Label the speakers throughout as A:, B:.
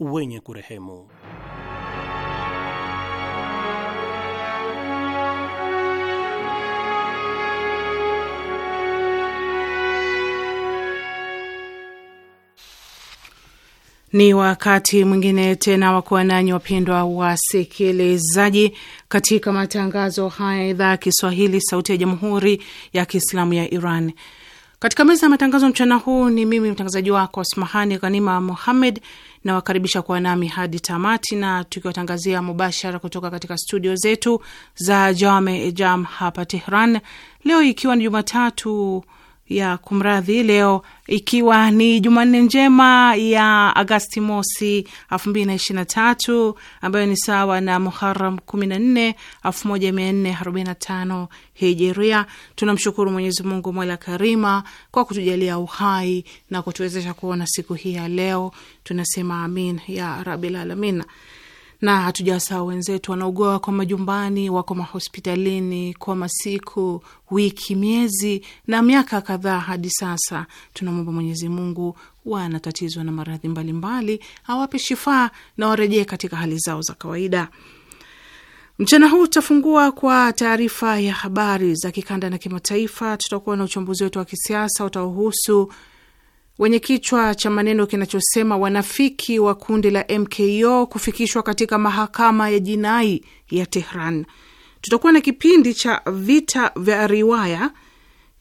A: wenye kurehemu.
B: Ni wakati mwingine tena wa kuwa nanyi wapendwa wasikilizaji, katika matangazo haya ya idhaa ya Kiswahili, sauti ya jamhuri ya kiislamu ya Iran. Katika meza ya matangazo mchana huu ni mimi mtangazaji wako Asmahani Ghanima muhammed nawakaribisha kuwa nami hadi tamati, na tukiwatangazia mubashara kutoka katika studio zetu za Jame Jam hapa Tehran, leo ikiwa ni Jumatatu ya kumradhi, leo ikiwa ni Jumanne njema ya Agasti mosi elfu mbili na ishirini na tatu ambayo ni sawa na Muharam kumi na nne elfu moja mia nne arobaini na tano Hijeria. Tunamshukuru Mwenyezi Mungu mwela karima kwa kutujalia uhai na kutuwezesha kuona siku hii ya leo. Tunasema amin ya rabil alamin na hatujawasahau wenzetu wanaugua, wako majumbani, wako mahospitalini kwa masiku, wiki, miezi na miaka kadhaa hadi sasa. Tunamwomba Mwenyezi Mungu wanatatizwa na maradhi mbalimbali, awape shifaa na warejee katika hali zao za kawaida. Mchana huu tutafungua kwa taarifa ya habari za kikanda na kimataifa. Tutakuwa na uchambuzi wetu wa kisiasa utaohusu wenye kichwa cha maneno kinachosema wanafiki wa kundi la MKO kufikishwa katika mahakama ya jinai ya Tehran. Tutakuwa na kipindi cha vita vya riwaya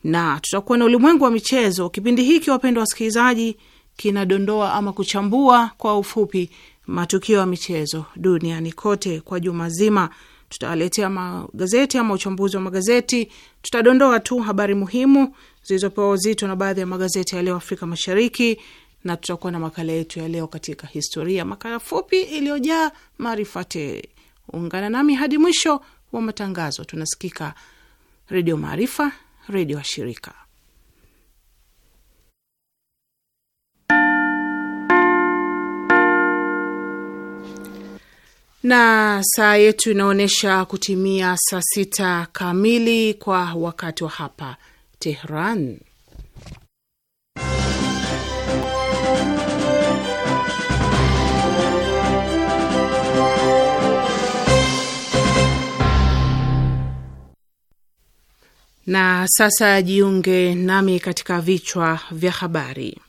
B: na tutakuwa na ulimwengu wa michezo. Kipindi hiki, wapendwa wasikilizaji, kinadondoa ama kuchambua kwa ufupi matukio ya michezo duniani kote kwa juma zima. Tutawaletea magazeti ama uchambuzi wa magazeti, tutadondoa tu habari muhimu zilizopewa uzito na baadhi ya magazeti ya leo Afrika Mashariki, na tutakuwa na makala yetu ya leo katika historia, makala fupi iliyojaa maarifa tele. Ungana nami hadi mwisho wa matangazo. Tunasikika Redio Maarifa, redio washirika. na saa yetu inaonyesha kutimia saa sita kamili kwa wakati wa hapa Tehran. Na sasa jiunge nami katika vichwa vya habari.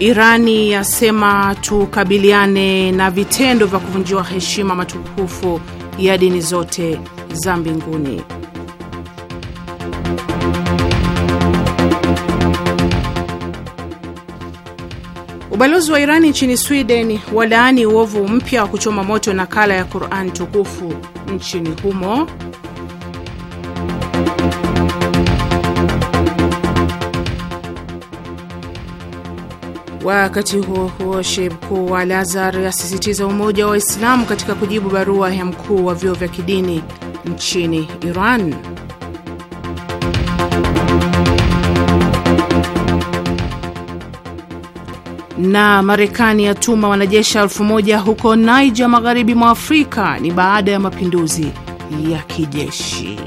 B: Irani yasema tukabiliane na vitendo vya kuvunjiwa heshima matukufu ya dini zote za mbinguni. Ubalozi wa Irani nchini Sweden walaani uovu mpya wa kuchoma moto nakala ya Quran tukufu nchini humo. Wakati huo huo, shehe mkuu wa Al-Azhar asisitiza umoja wa Waislamu katika kujibu barua ya mkuu wa vyuo vya kidini nchini Iran. Na Marekani yatuma wanajeshi elfu moja huko Niger, magharibi mwa Afrika, ni baada ya mapinduzi ya kijeshi.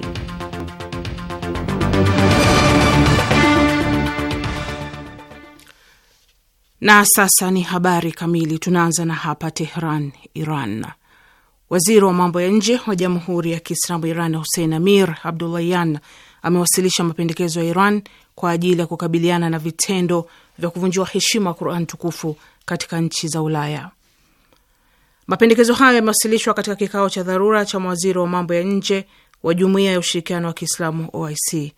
B: Na sasa ni habari kamili. Tunaanza na hapa Tehran, Iran. Waziri wa mambo ya nje wa Jamhuri ya Kiislamu Iran Hussein Amir abdullayan amewasilisha mapendekezo ya Iran kwa ajili ya kukabiliana na vitendo vya kuvunjiwa heshima ya Quran tukufu katika nchi za Ulaya. Mapendekezo hayo yamewasilishwa katika kikao cha dharura cha mawaziri wa mambo ya nje wa Jumuiya ya Ushirikiano wa Kiislamu OIC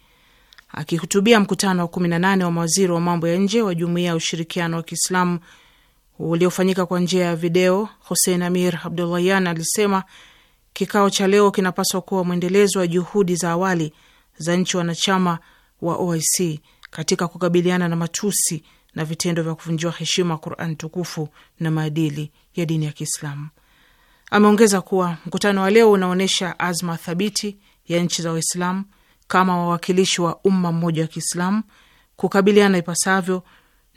B: Akihutubia mkutano wa 18 wa mawaziri wa mambo ya nje wa Jumuiya ya Ushirikiano wa Kiislamu uliofanyika kwa njia ya video, Hussein Amir abdullayan alisema kikao cha leo kinapaswa kuwa mwendelezo wa juhudi za awali za nchi wanachama wa OIC katika kukabiliana na matusi na vitendo vya kuvunjiwa heshima Quran tukufu na maadili ya dini ya Kiislamu. Ameongeza kuwa mkutano wa leo unaonyesha azma thabiti ya nchi za Waislamu kama wawakilishi wa umma mmoja wa Kiislamu, kukabiliana ipasavyo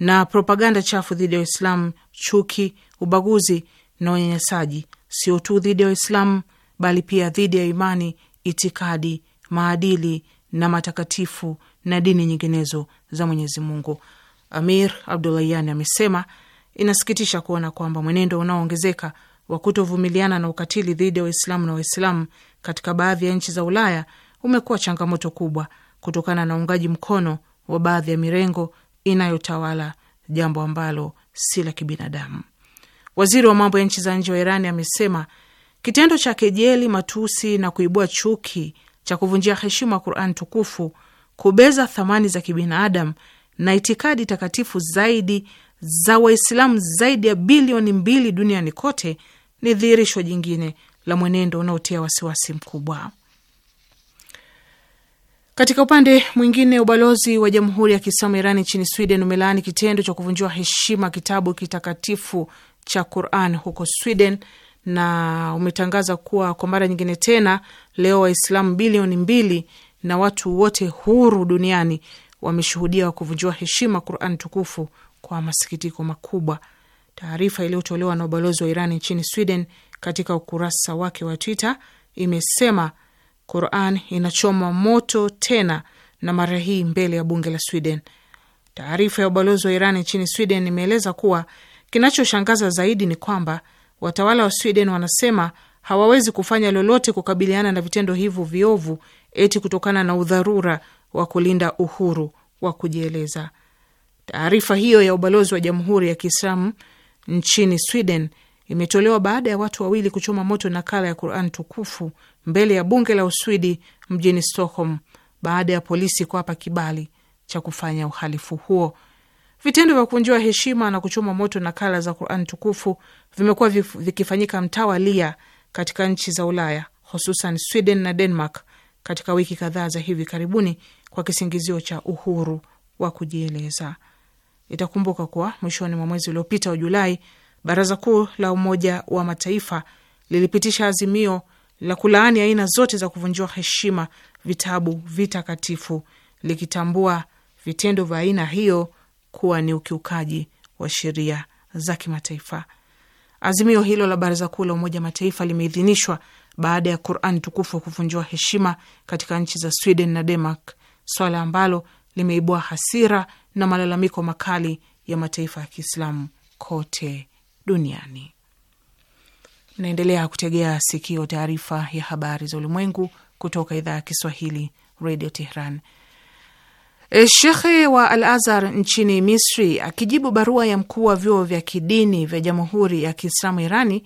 B: na propaganda chafu dhidi ya Waislamu, chuki, ubaguzi na unyanyasaji, sio tu dhidi ya Waislamu bali pia dhidi ya imani, itikadi, maadili na matakatifu na dini nyinginezo za Mwenyezi Mungu. Amir Abdulayani amesema inasikitisha kuona kwamba mwenendo unaoongezeka wa kutovumiliana na ukatili dhidi ya Waislamu na Waislamu katika baadhi ya nchi za Ulaya umekuwa changamoto kubwa kutokana na uungaji mkono wa baadhi ya mirengo inayotawala, jambo ambalo si la kibinadamu. Waziri wa mambo ya nchi za nje wa Irani amesema kitendo cha kejeli, matusi na kuibua chuki cha kuvunjia heshima Quran tukufu, kubeza thamani za kibinadamu na itikadi takatifu zaidi za Waislamu zaidi ya bilioni mbili duniani kote ni dhihirisho jingine la mwenendo unaotia wasiwasi mkubwa. Katika upande mwingine, ubalozi wa Jamhuri ya Kiislamu Irani nchini Sweden umelaani kitendo cha kuvunjiwa heshima kitabu kitakatifu cha Quran huko Sweden na umetangaza kuwa kwa mara nyingine tena leo Waislamu bilioni mbili na watu wote huru duniani wameshuhudia kuvunjiwa heshima Quran tukufu kwa masikitiko makubwa. Taarifa iliyotolewa na ubalozi wa Irani nchini Sweden katika ukurasa wake wa Twitter imesema Quran inachomwa moto tena na mara hii mbele ya bunge la Sweden. Taarifa ya ubalozi wa Iran nchini Sweden imeeleza kuwa kinachoshangaza zaidi ni kwamba watawala wa Sweden wanasema hawawezi kufanya lolote kukabiliana na vitendo hivyo viovu, eti kutokana na udharura wa kulinda uhuru wa kujieleza. Taarifa hiyo ya ubalozi wa Jamhuri ya Kiislamu nchini Sweden imetolewa baada ya watu wawili kuchoma moto nakala ya Quran tukufu mbele ya bunge la Uswidi mjini Stockholm baada ya polisi kuwapa kibali cha kufanya uhalifu huo. Vitendo vya kuvunjiwa heshima na kuchoma moto nakala za Quran tukufu vimekuwa vikifanyika mtawalia katika nchi za Ulaya, hususan Sweden na Denmark katika wiki kadhaa za hivi karibuni kwa kisingizio cha uhuru wa kujieleza. Itakumbuka kuwa mwishoni mwa mwezi uliopita wa Julai, baraza kuu la Umoja wa Mataifa lilipitisha azimio la kulaani aina zote za kuvunjiwa heshima vitabu vitakatifu, likitambua vitendo vya aina hiyo kuwa ni ukiukaji wa sheria za kimataifa. Azimio hilo la Baraza Kuu la Umoja Mataifa limeidhinishwa baada ya Quran tukufu wa kuvunjiwa heshima katika nchi za Sweden na Denmark, swala ambalo limeibua hasira na malalamiko makali ya mataifa ya Kiislamu kote duniani. Naendelea kutegea sikio taarifa ya habari za ulimwengu kutoka idhaa ya Kiswahili Radio Tehran. E, shekhe wa Al Azhar nchini Misri akijibu barua ya mkuu wa vyuo vya kidini vya jamhuri ya Kiislamu Irani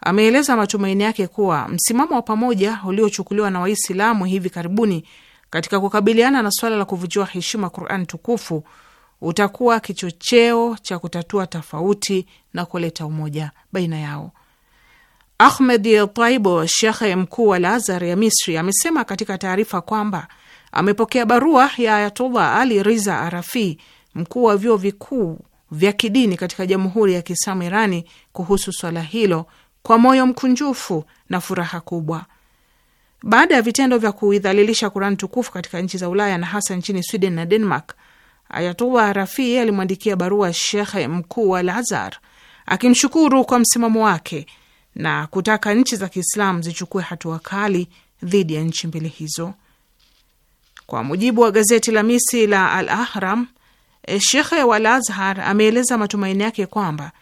B: ameeleza matumaini yake kuwa msimamo wa pamoja uliochukuliwa na Waislamu hivi karibuni katika kukabiliana na swala la kuvunjiwa heshima Quran tukufu utakuwa kichocheo cha kutatua tofauti na kuleta umoja baina yao. Ahmed Taibo, shekhe mkuu wa Lazar ya Misri, amesema katika taarifa kwamba amepokea barua ya ayatola Ali Riza Arafi, mkuu wa vyuo vikuu vya kidini katika Jamhuri ya Kiislamu Irani kuhusu swala hilo kwa moyo mkunjufu na furaha kubwa. Baada ya vitendo vya kuidhalilisha Kurani tukufu katika nchi za Ulaya na hasa nchini Sweden na Denmark, Ayatullah arafi alimwandikia barua shekhe mkuu wa lazar akimshukuru kwa msimamo wake na kutaka nchi za Kiislamu zichukue hatua kali dhidi ya nchi mbili hizo. Kwa mujibu wa gazeti la Misri la Al Ahram, eh, Shekhe Wal azhar ameeleza matumaini yake kwamba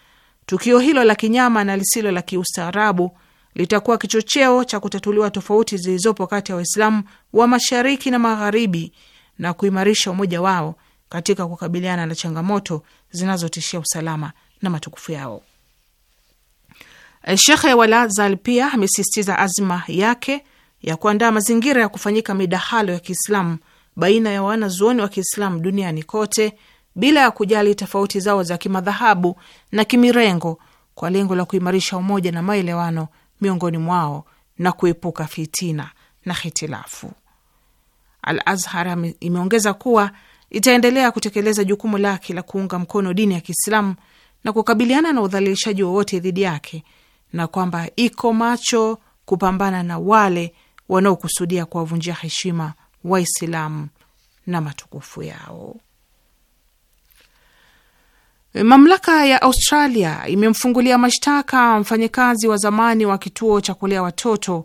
B: tukio hilo la kinyama na lisilo la kiustaarabu litakuwa kichocheo cha kutatuliwa tofauti zilizopo kati ya Waislamu wa mashariki na magharibi na kuimarisha umoja wao katika kukabiliana na changamoto zinazotishia usalama na matukufu yao. Eh, Shekhe Walazal pia amesisitiza azma yake ya kuandaa mazingira ya kufanyika midahalo ya Kiislamu baina ya wanazuoni wa Kiislamu duniani kote bila ya kujali tofauti zao za kimadhahabu na kimirengo kwa lengo la kuimarisha umoja na maelewano miongoni mwao na kuepuka fitina na hitilafu. Al Azhar imeongeza kuwa itaendelea kutekeleza jukumu lake la kuunga mkono dini ya Kiislamu na kukabiliana na udhalilishaji wowote dhidi yake na kwamba iko macho kupambana na wale wanaokusudia kuwavunjia heshima Waislamu na matukufu yao. Mamlaka ya Australia imemfungulia mashtaka mfanyakazi wa zamani wa kituo cha kulea watoto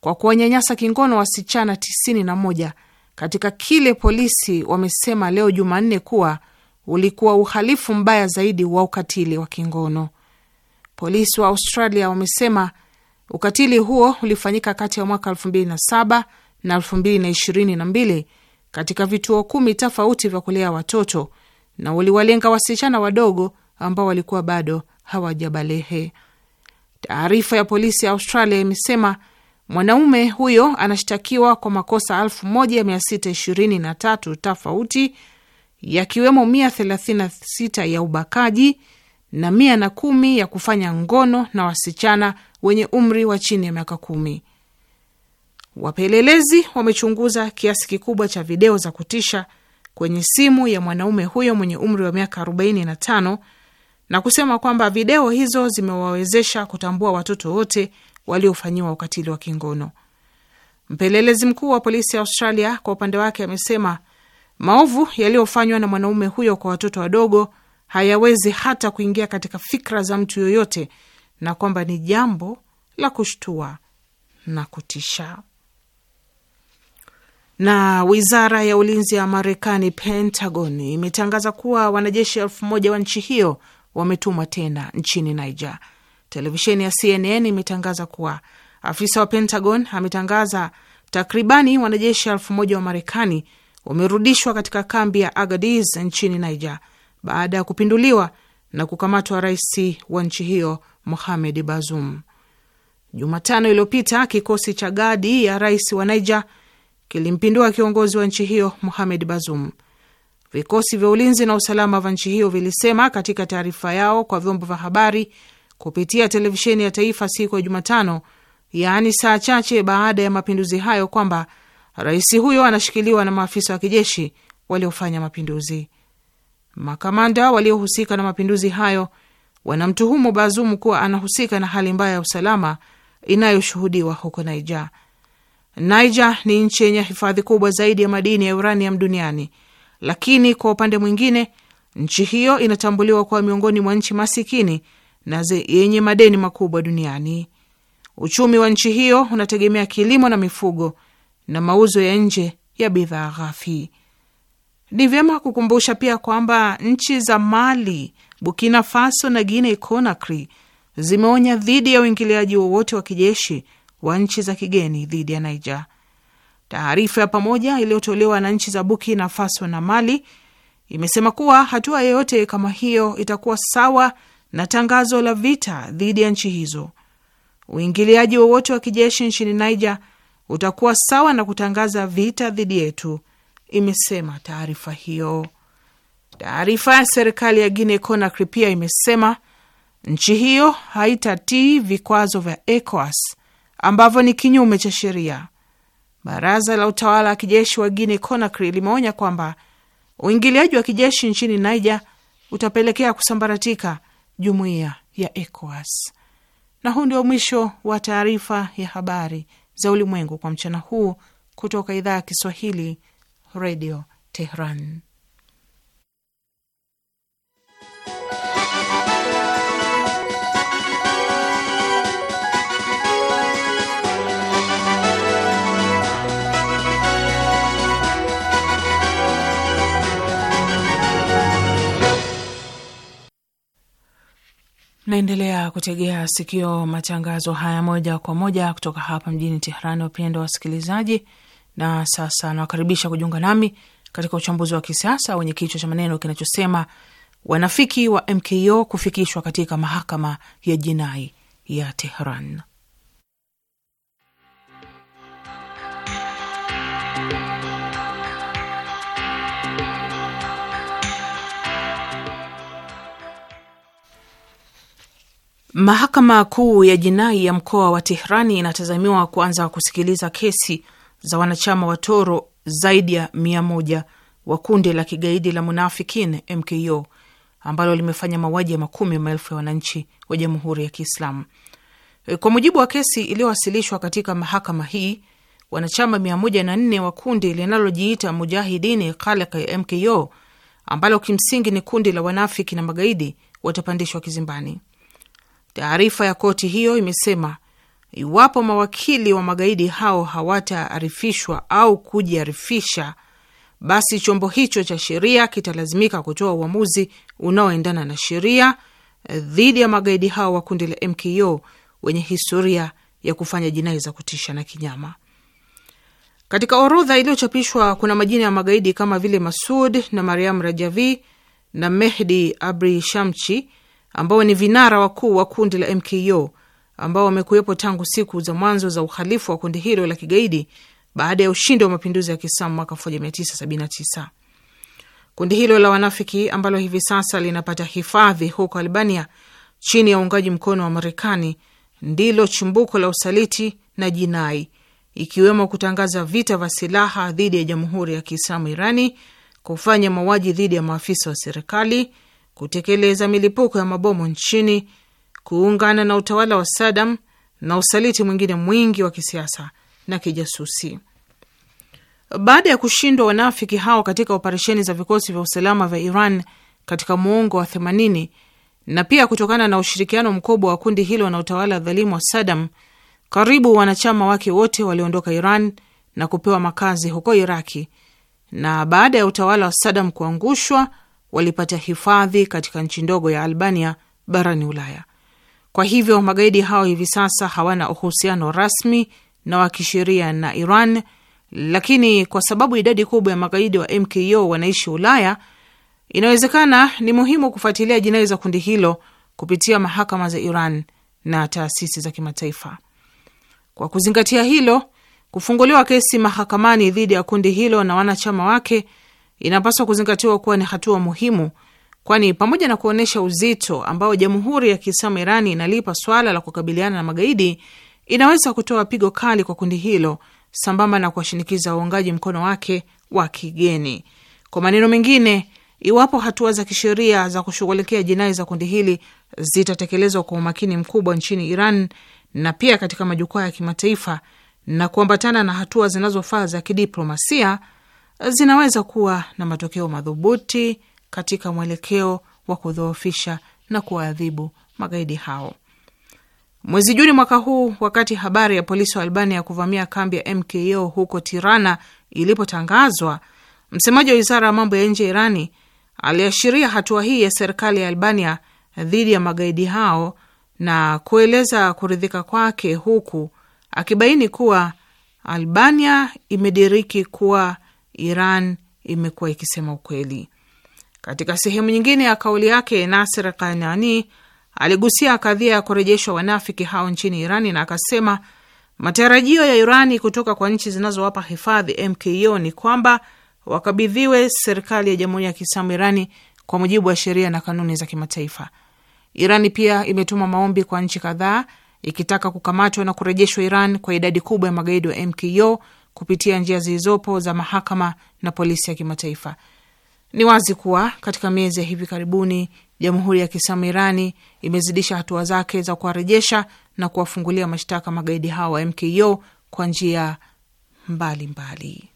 B: kwa kuwanyanyasa kingono wasichana tisini na moja katika kile polisi wamesema leo Jumanne kuwa ulikuwa uhalifu mbaya zaidi wa ukatili wa kingono. Polisi wa Australia wamesema ukatili huo ulifanyika kati ya mwaka 2007 na 2022 katika vituo kumi tofauti vya kulea watoto na uliwalenga wasichana wadogo ambao walikuwa bado hawajabalehe. Taarifa ya polisi ya Australia imesema mwanaume huyo anashtakiwa kwa makosa 1623 tofauti yakiwemo 136 ya ubakaji na mia na kumi ya kufanya ngono na wasichana wenye umri wa chini ya miaka kumi. Wapelelezi wamechunguza kiasi kikubwa cha video za kutisha kwenye simu ya mwanaume huyo mwenye umri wa miaka 45 na kusema kwamba video hizo zimewawezesha kutambua watoto wote waliofanyiwa ukatili wa kingono. Mpelelezi mkuu wa polisi ya Australia kwa upande wake amesema maovu yaliyofanywa na mwanaume huyo kwa watoto wadogo hayawezi hata kuingia katika fikra za mtu yoyote, na kwamba ni jambo la kushtua na kutisha. Na wizara ya ulinzi ya Marekani, Pentagon, imetangaza kuwa wanajeshi elfu moja wa nchi hiyo wametumwa tena nchini Niger. Televisheni ya CNN imetangaza kuwa afisa wa Pentagon ametangaza takribani wanajeshi elfu moja wa Marekani wamerudishwa katika kambi ya agadis nchini Niger baada ya kupinduliwa na kukamatwa rais wa nchi hiyo Mohamed Bazoum. Jumatano iliyopita kikosi cha gadi ya rais wa Niger kilimpindua kiongozi wa nchi hiyo Mohamed Bazoum. Vikosi vya ulinzi na usalama vya nchi hiyo vilisema katika taarifa yao kwa vyombo vya habari kupitia televisheni ya taifa siku ya Jumatano, yaani saa chache baada ya mapinduzi hayo, kwamba rais huyo anashikiliwa na maafisa wa kijeshi waliofanya mapinduzi. Makamanda waliohusika na mapinduzi hayo wanamtuhumu Bazumu kuwa anahusika na hali mbaya ya usalama inayoshuhudiwa huko Niger. Niger ni nchi yenye hifadhi kubwa zaidi ya madini ya uranium duniani, lakini kwa upande mwingine, nchi hiyo inatambuliwa kuwa miongoni mwa nchi masikini na yenye madeni makubwa duniani. Uchumi wa nchi hiyo unategemea kilimo na mifugo na mauzo ya nje ya bidhaa ghafi. Ni vyema kukumbusha pia kwamba nchi za Mali, Burkina Faso na Guinea Conakry zimeonya dhidi ya uingiliaji wowote wa kijeshi wa nchi za kigeni dhidi ya Niger. Taarifa ya pamoja iliyotolewa na nchi za Burkina Faso na Mali imesema kuwa hatua yoyote kama hiyo itakuwa sawa na tangazo la vita dhidi ya nchi hizo. Uingiliaji wowote wa kijeshi nchini Niger utakuwa sawa na kutangaza vita dhidi yetu imesema taarifa hiyo. Taarifa ya serikali ya Guinea Conakry pia imesema nchi hiyo haitatii vikwazo vya ECOWAS ambavyo ni kinyume cha sheria. Baraza la utawala wa kijeshi wa Guinea Conakry limeonya kwamba uingiliaji wa kijeshi nchini Niger utapelekea kusambaratika jumuiya ya ECOWAS. Na huu ndio mwisho wa taarifa ya habari za ulimwengu kwa mchana huu kutoka idhaa ya Kiswahili Redio Tehran. Naendelea kutegea sikio matangazo haya moja kwa moja kutoka hapa mjini Tehrani. Wapendwa wasikilizaji na sasa nawakaribisha kujiunga nami katika uchambuzi wa kisiasa wenye kichwa cha maneno kinachosema wanafiki wa MKO kufikishwa katika mahakama ya jinai ya Tehran. Mahakama Kuu ya Jinai ya mkoa wa Tehrani inatazamiwa kuanza kusikiliza kesi za wanachama watoro zaidi ya mia moja wa kundi la kigaidi la Munafikin MKO ambalo limefanya mauaji ya makumi ya maelfu ya wananchi wa Jamhuri ya Kiislamu. E, kwa mujibu wa kesi iliyowasilishwa katika mahakama hii, wanachama mia moja na nne wa kundi linalojiita Mujahidini Khalq MKO ambalo kimsingi ni kundi la wanafiki na magaidi watapandishwa kizimbani. Taarifa ya koti hiyo imesema Iwapo mawakili wa magaidi hao hawataarifishwa au kujiarifisha, basi chombo hicho cha sheria kitalazimika kutoa uamuzi unaoendana na sheria eh, dhidi ya magaidi hao wa kundi la MKO wenye historia ya kufanya jinai za kutisha na kinyama. Katika orodha iliyochapishwa kuna majina ya magaidi kama vile Masud na Mariam Rajavi na Mehdi Abri Shamchi ambao ni vinara wakuu wa kundi la MKO ambao wamekuwepo tangu siku za mwanzo za uhalifu wa kundi hilo la kigaidi baada ya ushindi wa mapinduzi ya Kiislamu mwaka 1979. Kundi hilo la wanafiki ambalo hivi sasa linapata hifadhi huko Albania chini ya uungaji mkono wa Marekani ndilo chimbuko la usaliti na jinai, ikiwemo kutangaza vita vya silaha dhidi ya Jamhuri ya Kiislamu Irani, kufanya mauaji dhidi ya maafisa wa serikali, kutekeleza milipuko ya mabomu nchini kuungana na utawala wa Sadam na usaliti mwingine mwingi wa kisiasa na kijasusi. Baada ya kushindwa wanafiki hao katika operesheni za vikosi vya usalama vya Iran katika muongo wa 80 na pia kutokana na ushirikiano mkubwa wa kundi hilo na utawala dhalimu wa Sadam, karibu wanachama wake wote waliondoka Iran na kupewa makazi huko Iraki, na baada ya utawala wa Sadam kuangushwa walipata hifadhi katika nchi ndogo ya Albania barani Ulaya. Kwa hivyo magaidi hao hivi sasa hawana uhusiano rasmi na wa kisheria na Iran, lakini kwa sababu idadi kubwa ya magaidi wa MKO wanaishi Ulaya, inawezekana ni muhimu kufuatilia jinai za kundi hilo kupitia mahakama za Iran na taasisi za kimataifa. Kwa kuzingatia hilo, kufunguliwa kesi mahakamani dhidi ya kundi hilo na wanachama wake inapaswa kuzingatiwa kuwa ni hatua muhimu kwani pamoja na kuonyesha uzito ambao Jamhuri ya Kiislamu Irani inalipa swala la kukabiliana na magaidi, inaweza kutoa pigo kali kwa kundi hilo sambamba na kuwashinikiza waungaji mkono wake wa kigeni. Kwa maneno mengine, iwapo hatua za kisheria za kushughulikia jinai za kundi hili zitatekelezwa kwa umakini mkubwa nchini Iran na pia katika majukwaa ya kimataifa na kuambatana na hatua zinazofaa za kidiplomasia, zinaweza kuwa na matokeo madhubuti katika mwelekeo wa kudhoofisha na kuwaadhibu magaidi hao. Mwezi Juni mwaka huu, wakati habari ya polisi wa Albania ya kuvamia kambi ya MKO huko Tirana ilipotangazwa, msemaji wa wizara ya mambo ya nje ya Irani aliashiria hatua hii ya serikali ya Albania dhidi ya magaidi hao na kueleza kuridhika kwake, huku akibaini kuwa Albania imediriki kuwa Iran imekuwa ikisema ukweli. Katika sehemu nyingine ya kauli yake, Nasir Kanani aligusia kadhia ya kurejeshwa wanafiki hao nchini Irani na akasema matarajio ya Irani kutoka kwa nchi zinazowapa hifadhi MKO ni kwamba wakabidhiwe serikali ya Jamhuri ya Kiislamu Irani kwa mujibu wa sheria na kanuni za kimataifa. Irani pia imetuma maombi kwa nchi kadhaa ikitaka kukamatwa na kurejeshwa Iran kwa idadi kubwa ya magaidi wa MKO kupitia njia zilizopo za mahakama na polisi ya kimataifa. Ni wazi kuwa katika miezi ya hivi karibuni Jamhuri ya Kiislamu Irani imezidisha hatua zake za kuwarejesha na kuwafungulia mashtaka magaidi hao wa MKO kwa njia mbalimbali.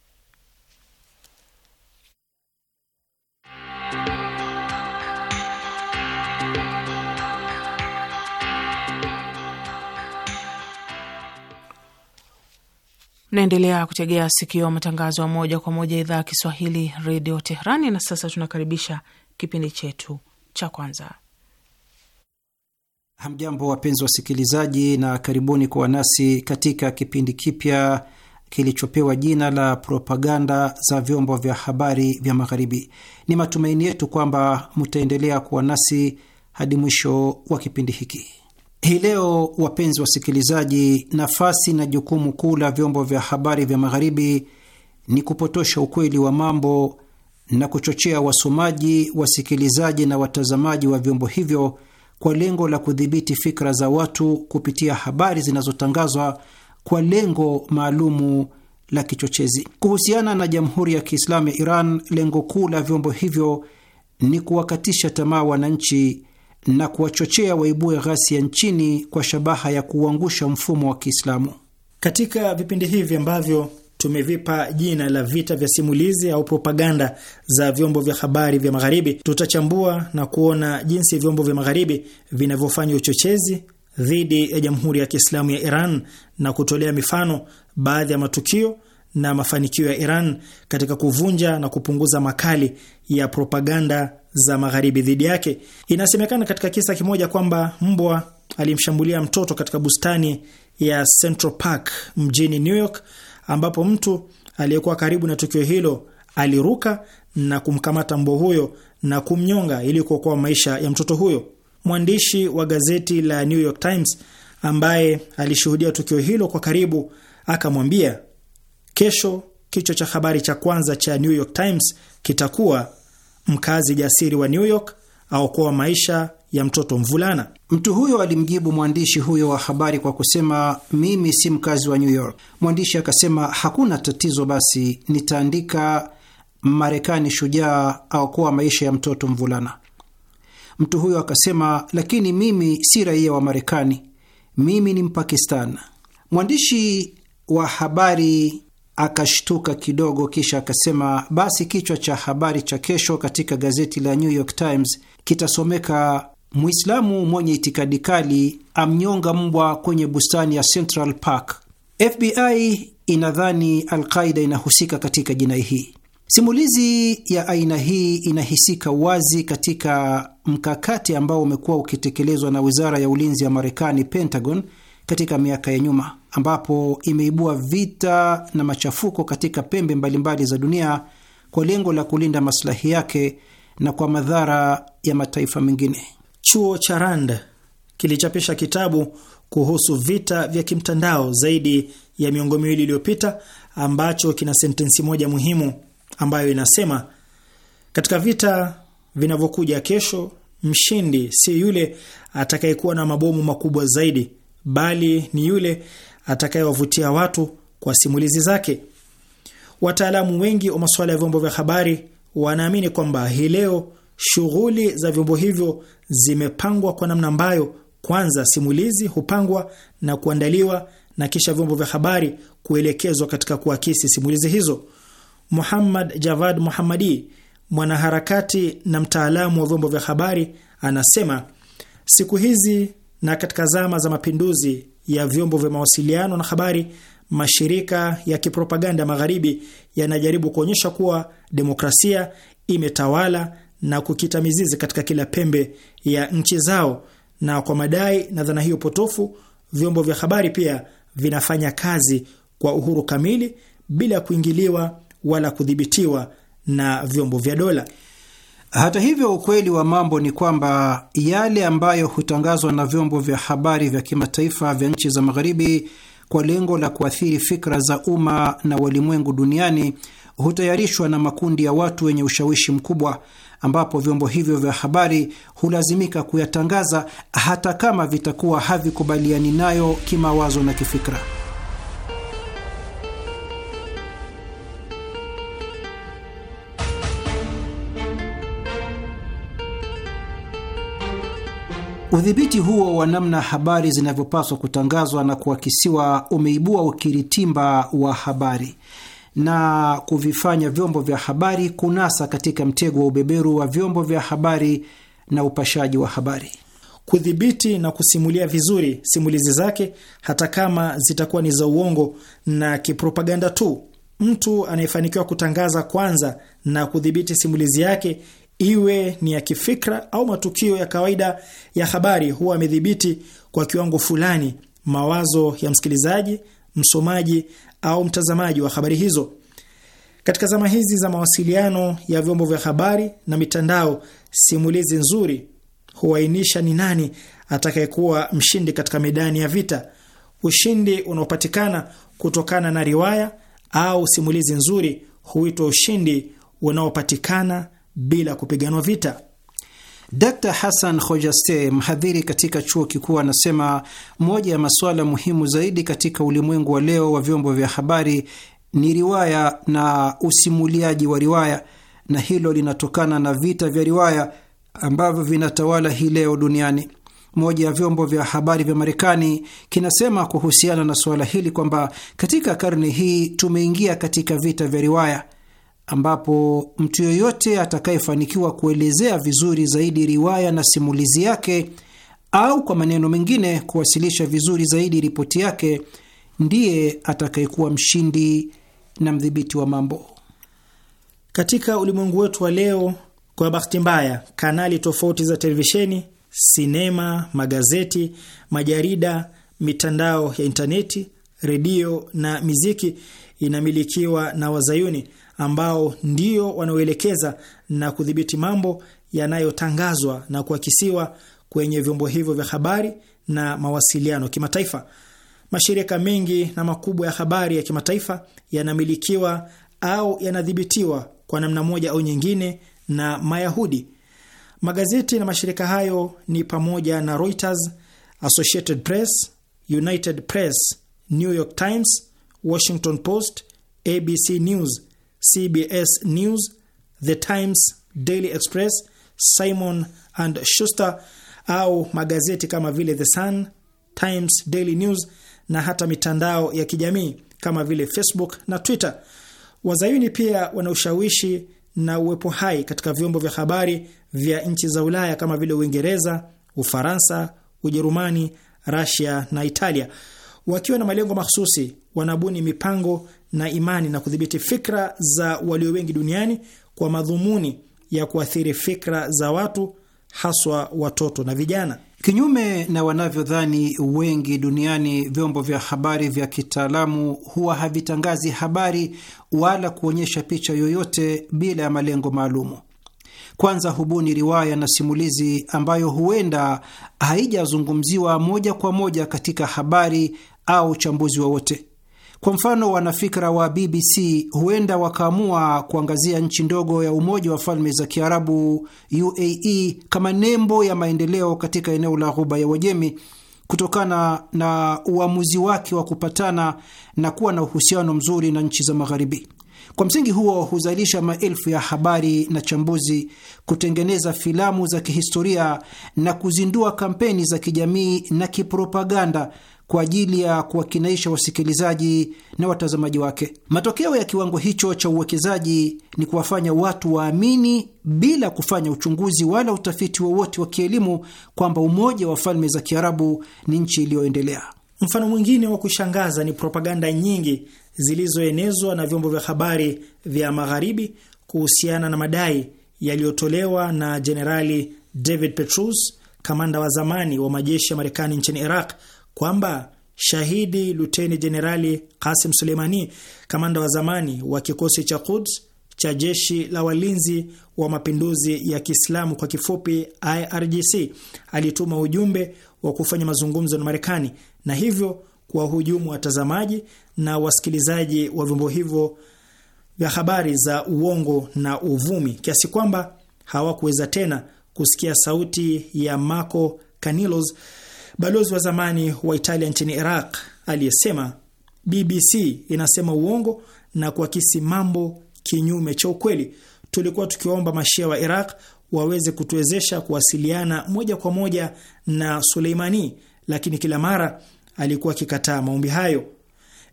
B: Naendelea kutegea sikio matangazo ya moja kwa moja idhaa ya Kiswahili redio Teherani. Na sasa tunakaribisha kipindi chetu cha kwanza.
C: Hamjambo wapenzi wasikilizaji, na karibuni kuwa nasi katika kipindi kipya kilichopewa jina la propaganda za vyombo vya habari vya Magharibi. Ni matumaini yetu kwamba mtaendelea kuwa nasi hadi mwisho wa kipindi hiki. Hii leo wapenzi wasikilizaji, nafasi na jukumu kuu la vyombo vya habari vya Magharibi ni kupotosha ukweli wa mambo na kuchochea wasomaji, wasikilizaji na watazamaji wa vyombo hivyo kwa lengo la kudhibiti fikra za watu kupitia habari zinazotangazwa kwa lengo maalumu la kichochezi. Kuhusiana na Jamhuri ya Kiislamu ya Iran, lengo kuu la vyombo hivyo ni kuwakatisha tamaa wananchi na kuwachochea waibue ghasia nchini kwa shabaha ya kuuangusha mfumo wa Kiislamu. Katika vipindi hivi ambavyo tumevipa
D: jina la vita vya simulizi au propaganda za vyombo vya habari vya Magharibi, tutachambua na kuona jinsi vyombo vya Magharibi vinavyofanya uchochezi dhidi ya Jamhuri ya Kiislamu ya Iran na kutolea mifano baadhi ya matukio na mafanikio ya Iran katika kuvunja na kupunguza makali ya propaganda za magharibi dhidi yake. Inasemekana katika kisa kimoja kwamba mbwa alimshambulia mtoto katika bustani ya Central Park mjini New York, ambapo mtu aliyekuwa karibu na tukio hilo aliruka na kumkamata mbwa huyo na kumnyonga ili kuokoa maisha ya mtoto huyo. Mwandishi wa gazeti la New York Times ambaye alishuhudia tukio hilo kwa karibu akamwambia, kesho kichwa cha habari cha kwanza cha New York Times kitakuwa mkazi jasiri wa
C: New York aokoa maisha ya mtoto mvulana. Mtu huyo alimjibu mwandishi huyo wa habari kwa kusema, mimi si mkazi wa New York. Mwandishi akasema, hakuna tatizo, basi nitaandika Marekani shujaa aokoa maisha ya mtoto mvulana. Mtu huyo akasema, lakini mimi si raia wa Marekani, mimi ni Mpakistan. Mwandishi wa habari akashtuka kidogo, kisha akasema, basi kichwa cha habari cha kesho katika gazeti la New York Times kitasomeka Mwislamu mwenye itikadi kali amnyonga mbwa kwenye bustani ya Central Park. FBI inadhani Alqaida inahusika katika jinai hii. Simulizi ya aina hii inahisika wazi katika mkakati ambao umekuwa ukitekelezwa na wizara ya ulinzi ya Marekani, Pentagon, katika miaka ya nyuma, ambapo imeibua vita na machafuko katika pembe mbalimbali za dunia kwa lengo la kulinda masilahi yake na kwa madhara ya mataifa mengine. Chuo cha Rand kilichapisha kitabu
D: kuhusu vita vya kimtandao zaidi ya miongo miwili iliyopita, ambacho kina sentensi moja muhimu ambayo inasema, katika vita vinavyokuja kesho, mshindi si yule atakayekuwa na mabomu makubwa zaidi bali ni yule atakayewavutia watu kwa simulizi zake. Wataalamu wengi wa masuala ya vyombo vya habari wanaamini kwamba hii leo shughuli za vyombo hivyo zimepangwa kwa namna ambayo kwanza simulizi hupangwa na kuandaliwa na kisha vyombo vya habari kuelekezwa katika kuakisi simulizi hizo. Muhammad Javad Muhammadi, mwanaharakati na mtaalamu wa vyombo vya habari, anasema siku hizi na katika zama za mapinduzi ya vyombo vya mawasiliano na habari, mashirika ya kipropaganda magharibi yanajaribu kuonyesha kuwa demokrasia imetawala na kukita mizizi katika kila pembe ya nchi zao, na kwa madai na dhana hiyo potofu, vyombo vya habari pia vinafanya kazi kwa uhuru kamili bila
C: kuingiliwa wala kudhibitiwa na vyombo vya dola. Hata hivyo, ukweli wa mambo ni kwamba yale ambayo hutangazwa na vyombo vya habari vya kimataifa vya nchi za Magharibi kwa lengo la kuathiri fikra za umma na walimwengu duniani hutayarishwa na makundi ya watu wenye ushawishi mkubwa, ambapo vyombo hivyo vya habari hulazimika kuyatangaza hata kama vitakuwa havikubaliani nayo kimawazo na kifikra. Udhibiti huo wa namna habari zinavyopaswa kutangazwa na kuakisiwa umeibua ukiritimba wa habari na kuvifanya vyombo vya habari kunasa katika mtego wa ubeberu wa vyombo vya habari na upashaji wa habari. Kudhibiti na kusimulia vizuri simulizi
D: zake, hata kama zitakuwa ni za uongo na kipropaganda tu. Mtu anayefanikiwa kutangaza kwanza na kudhibiti simulizi yake iwe ni ya kifikra au matukio ya kawaida ya habari, huwa amedhibiti kwa kiwango fulani mawazo ya msikilizaji, msomaji au mtazamaji wa habari hizo. Katika zama hizi za mawasiliano ya vyombo vya habari na mitandao, simulizi nzuri huainisha ni nani atakayekuwa mshindi katika medani ya vita. Ushindi unaopatikana kutokana na riwaya au simulizi nzuri huitwa ushindi unaopatikana bila kupiganwa vita.
C: Dr Hassan Khojaste, mhadhiri katika chuo kikuu, anasema moja ya masuala muhimu zaidi katika ulimwengu wa leo wa vyombo vya habari ni riwaya na usimuliaji wa riwaya, na hilo linatokana na vita vya riwaya ambavyo vinatawala hii leo duniani. Moja ya vyombo vya habari vya Marekani kinasema kuhusiana na suala hili kwamba katika karne hii tumeingia katika vita vya riwaya ambapo mtu yoyote atakayefanikiwa kuelezea vizuri zaidi riwaya na simulizi yake au kwa maneno mengine kuwasilisha vizuri zaidi ripoti yake ndiye atakayekuwa mshindi na mdhibiti wa mambo. Katika ulimwengu wetu wa leo, kwa bahati mbaya,
D: kanali tofauti za televisheni, sinema, magazeti, majarida, mitandao ya intaneti, redio na miziki inamilikiwa na Wazayuni ambao ndio wanaoelekeza na kudhibiti mambo yanayotangazwa na kuakisiwa kwenye vyombo hivyo vya habari na mawasiliano kimataifa. Mashirika mengi na makubwa ya habari ya kimataifa yanamilikiwa au yanadhibitiwa kwa namna moja au nyingine na Mayahudi. Magazeti na mashirika hayo ni pamoja na Reuters, Associated Press, United Press, New York Times, Washington Post, ABC News CBS News, The Times, Daily Express, Simon and Schuster au magazeti kama vile The Sun, Times, Daily News na hata mitandao ya kijamii kama vile Facebook na Twitter. Wazayuni pia wana ushawishi na uwepo hai katika vyombo vya habari vya nchi za Ulaya kama vile Uingereza, Ufaransa, Ujerumani, Russia na Italia. Wakiwa na malengo mahususi wanabuni mipango na imani na kudhibiti fikra za walio wengi duniani kwa madhumuni ya kuathiri fikra za
C: watu haswa watoto na vijana. Kinyume na wanavyodhani wengi duniani, vyombo vya habari vya kitaalamu huwa havitangazi habari wala kuonyesha picha yoyote bila ya malengo maalumu. Kwanza hubuni riwaya na simulizi ambayo huenda haijazungumziwa moja kwa moja katika habari au uchambuzi wowote. Kwa mfano, wanafikra wa BBC huenda wakaamua kuangazia nchi ndogo ya Umoja wa Falme za Kiarabu, UAE, kama nembo ya maendeleo katika eneo la Ghuba ya Uajemi kutokana na uamuzi wake wa kupatana na kuwa na uhusiano mzuri na nchi za Magharibi. Kwa msingi huo huzalisha maelfu ya habari na chambuzi, kutengeneza filamu za kihistoria na kuzindua kampeni za kijamii na kipropaganda kwa ajili ya kuwakinaisha wasikilizaji na watazamaji wake. Matokeo ya kiwango hicho cha uwekezaji ni kuwafanya watu waamini bila kufanya uchunguzi wala utafiti wowote wa, wa kielimu kwamba Umoja wa Falme za Kiarabu ni nchi iliyoendelea.
D: Mfano mwingine wa kushangaza ni propaganda nyingi zilizoenezwa na vyombo vya habari vya Magharibi kuhusiana na madai yaliyotolewa na Jenerali David Petrus, kamanda wa zamani wa majeshi ya Marekani nchini Iraq kwamba shahidi luteni jenerali kasim Suleimani, kamanda wa zamani wa kikosi cha Quds cha jeshi la walinzi wa mapinduzi ya Kiislamu kwa kifupi IRGC, alituma ujumbe wa kufanya mazungumzo na Marekani na hivyo kuwahujumu watazamaji na wasikilizaji wa vyombo hivyo vya habari za uongo na uvumi kiasi kwamba hawakuweza tena kusikia sauti ya Marco Canillos balozi wa zamani wa Italia nchini Iraq aliyesema BBC inasema uongo na kuakisi mambo kinyume cha ukweli. Tulikuwa tukiwaomba mashia wa Iraq waweze kutuwezesha kuwasiliana moja kwa moja na Suleimani, lakini kila mara alikuwa akikataa maombi hayo.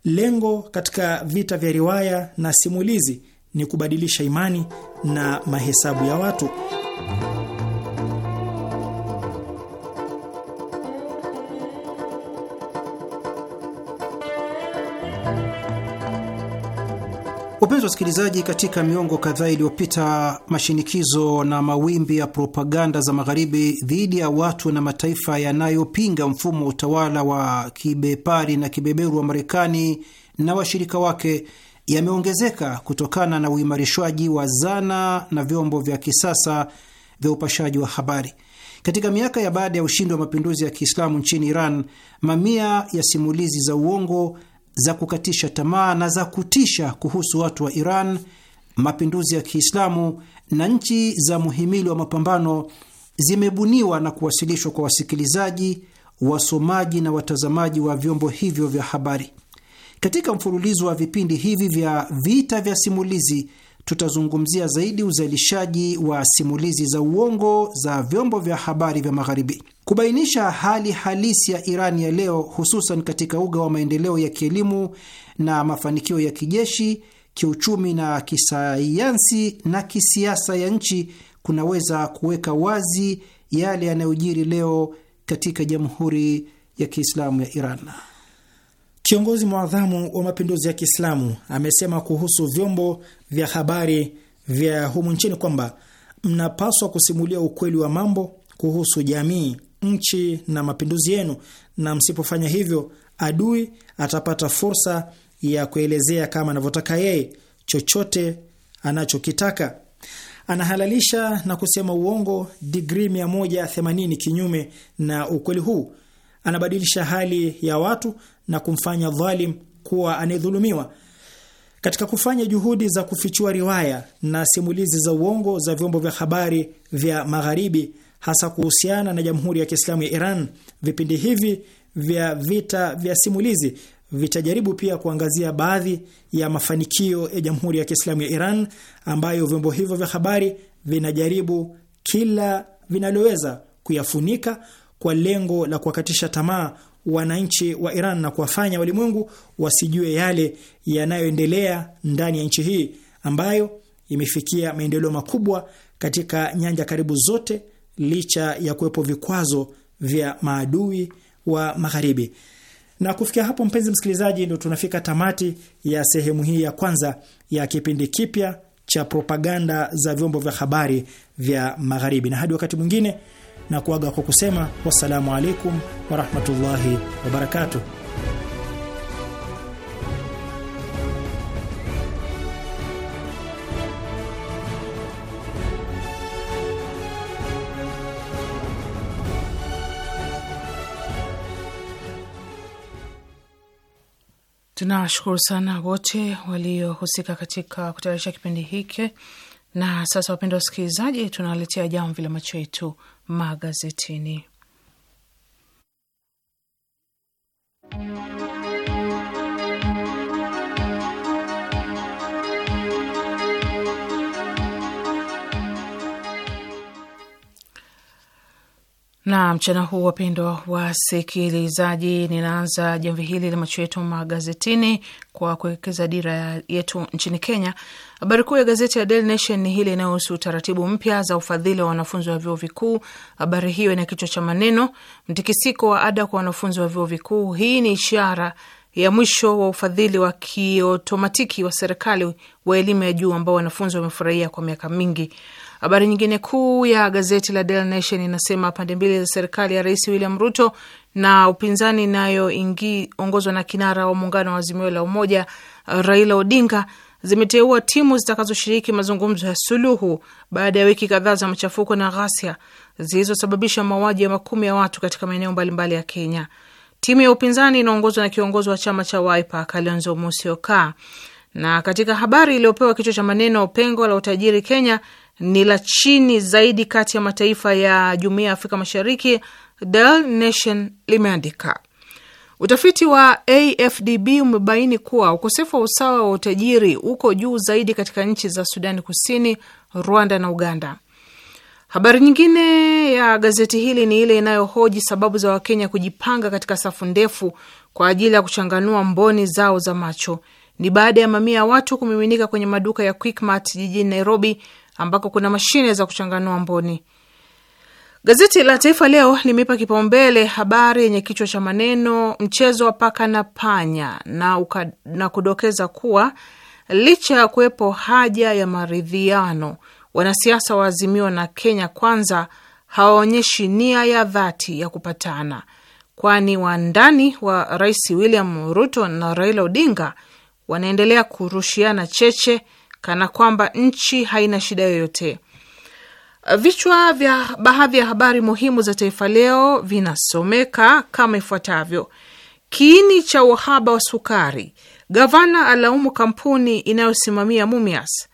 D: Lengo katika vita vya riwaya na simulizi ni kubadilisha imani na mahesabu ya watu.
C: Wapenzi wasikilizaji, katika miongo kadhaa iliyopita, mashinikizo na mawimbi ya propaganda za magharibi dhidi ya watu na mataifa yanayopinga mfumo wa utawala wa kibepari na kibeberu wa Marekani na washirika wake yameongezeka kutokana na uimarishwaji wa zana na vyombo vya kisasa vya upashaji wa habari. Katika miaka ya baada ya ushindi wa mapinduzi ya Kiislamu nchini Iran, mamia ya simulizi za uongo za kukatisha tamaa na za kutisha kuhusu watu wa Iran, mapinduzi ya Kiislamu na nchi za muhimili wa mapambano zimebuniwa na kuwasilishwa kwa wasikilizaji, wasomaji na watazamaji wa vyombo hivyo vya habari. Katika mfululizo wa vipindi hivi vya vita vya simulizi tutazungumzia zaidi uzalishaji wa simulizi za uongo za vyombo vya habari vya Magharibi, kubainisha hali halisi ya iran ya leo, hususan katika uga wa maendeleo ya kielimu na mafanikio ya kijeshi, kiuchumi na kisayansi na kisiasa ya nchi kunaweza kuweka wazi yale yanayojiri leo katika Jamhuri ya Kiislamu ya Iran. Kiongozi mwadhamu wa mapinduzi ya Kiislamu amesema kuhusu
D: vyombo vya habari vya humu nchini kwamba mnapaswa kusimulia ukweli wa mambo kuhusu jamii, nchi na mapinduzi yenu, na msipofanya hivyo, adui atapata fursa ya kuelezea kama anavyotaka yeye chochote anachokitaka. Anahalalisha na kusema uongo digrii 180 kinyume na ukweli huu. Anabadilisha hali ya watu na kumfanya dhalim kuwa anayedhulumiwa. Katika kufanya juhudi za kufichua riwaya na simulizi za uongo za vyombo vya habari vya Magharibi, hasa kuhusiana na Jamhuri ya Kiislamu ya Iran, vipindi hivi vya vita vya simulizi vitajaribu pia kuangazia baadhi ya mafanikio ya Jamhuri ya Kiislamu ya Iran ambayo vyombo hivyo vya habari vinajaribu kila vinaloweza kuyafunika kwa lengo la kuwakatisha tamaa wananchi wa Iran na kuwafanya walimwengu wasijue yale yanayoendelea ndani ya nchi hii ambayo imefikia maendeleo makubwa katika nyanja karibu zote licha ya kuwepo vikwazo vya maadui wa Magharibi. Na kufikia hapo, mpenzi msikilizaji, ndio tunafika tamati ya sehemu hii ya kwanza ya kipindi kipya cha propaganda za vyombo vya habari vya Magharibi, na hadi wakati mwingine na kuaga kwa kusema wassalamu alaikum warahmatullahi wabarakatuh.
B: Tunawashukuru sana wote waliohusika katika kutayarisha kipindi hiki. Na sasa, wa wasikilizaji, tunawaletea jamvi la macho yetu magazetini. na mchana huu wapendwa wasikilizaji, ninaanza jamvi hili la macho yetu magazetini kwa kuelekeza dira yetu nchini Kenya, Habari kuu ya gazeti ya Daily Nation ni hili inayohusu taratibu mpya za ufadhili wa wanafunzi wa vyuo vikuu. Habari hiyo ina kichwa cha maneno mtikisiko wa ada kwa wanafunzi wa vyuo vikuu, hii ni ishara ya mwisho wa ufadhili wa kiotomatiki wa serikali wa elimu ya juu ambao wanafunzi wamefurahia kwa miaka mingi. Habari nyingine kuu ya gazeti la Daily Nation inasema pande mbili za serikali ya Rais William Ruto na upinzani inayoongozwa na kinara wa muungano wa Azimio la Umoja Raila Odinga zimeteua timu zitakazoshiriki mazungumzo ya suluhu baada ya wiki kadhaa za machafuko na ghasia zilizosababisha mauaji ya makumi ya watu katika maeneo mbalimbali ya Kenya. Timu ya upinzani inaongozwa na kiongozi wa chama cha Wiper Kalonzo Musyoka. Na katika habari iliyopewa kichwa cha maneno pengo la utajiri Kenya ni la chini zaidi kati ya mataifa ya jumuiya ya Afrika Mashariki, Dell Nation limeandika Utafiti wa AFDB umebaini kuwa ukosefu wa usawa wa utajiri uko juu zaidi katika nchi za Sudani Kusini, Rwanda na Uganda. Habari nyingine ya gazeti hili ni ile inayohoji sababu za Wakenya kujipanga katika safu ndefu kwa ajili ya kuchanganua mboni zao za macho. Ni baada ya mamia ya watu kumiminika kwenye maduka ya Quickmart jijini Nairobi, ambako kuna mashine za kuchanganua mboni. Gazeti la Taifa Leo limeipa kipaumbele habari yenye kichwa cha maneno mchezo wa paka na panya na, uka, na kudokeza kuwa licha ya kuwepo haja ya maridhiano, wanasiasa wa Azimio na Kenya Kwanza hawaonyeshi nia ya dhati ya kupatana, kwani wandani wa Rais William Ruto na Raila Odinga wanaendelea kurushiana cheche kana kwamba nchi haina shida yoyote. Uh, vichwa vya baadhi ya habari muhimu za Taifa Leo vinasomeka kama ifuatavyo: kiini cha uhaba wa sukari, gavana alaumu kampuni inayosimamia Mumias,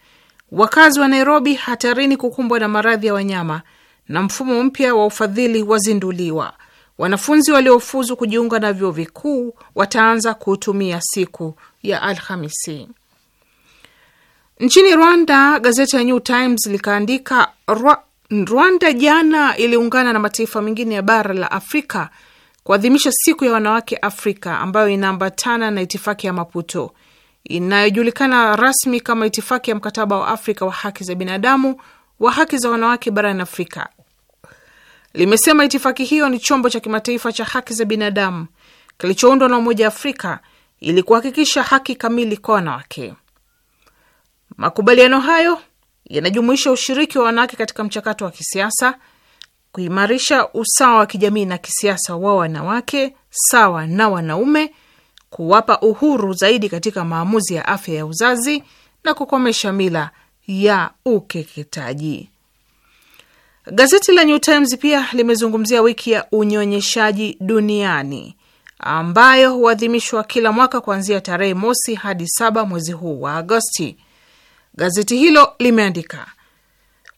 B: wakazi wa Nairobi hatarini kukumbwa na maradhi ya wanyama, na mfumo mpya wa ufadhili wazinduliwa. Wanafunzi waliofuzu kujiunga na vyuo vikuu wataanza kuhutumia siku ya Alhamisi. Nchini Rwanda, gazeti ya New Times likaandika Rwanda jana iliungana na mataifa mengine ya bara la Afrika kuadhimisha siku ya wanawake Afrika ambayo inaambatana na itifaki ya Maputo inayojulikana rasmi kama itifaki ya mkataba wa Afrika wa haki za binadamu wa haki za wanawake barani Afrika. Limesema itifaki hiyo ni chombo cha kimataifa cha haki za binadamu kilichoundwa na Umoja wa Afrika ili kuhakikisha haki kamili kwa wanawake. Makubaliano hayo yanajumuisha ushiriki wa wanawake katika mchakato wa kisiasa, kuimarisha usawa wa kijamii na kisiasa wa wanawake sawa na wanaume, kuwapa uhuru zaidi katika maamuzi ya afya ya uzazi na kukomesha mila ya ukeketaji. Gazeti la New Times pia limezungumzia wiki ya unyonyeshaji duniani ambayo huadhimishwa kila mwaka kuanzia tarehe mosi hadi saba mwezi huu wa Agosti. Gazeti hilo limeandika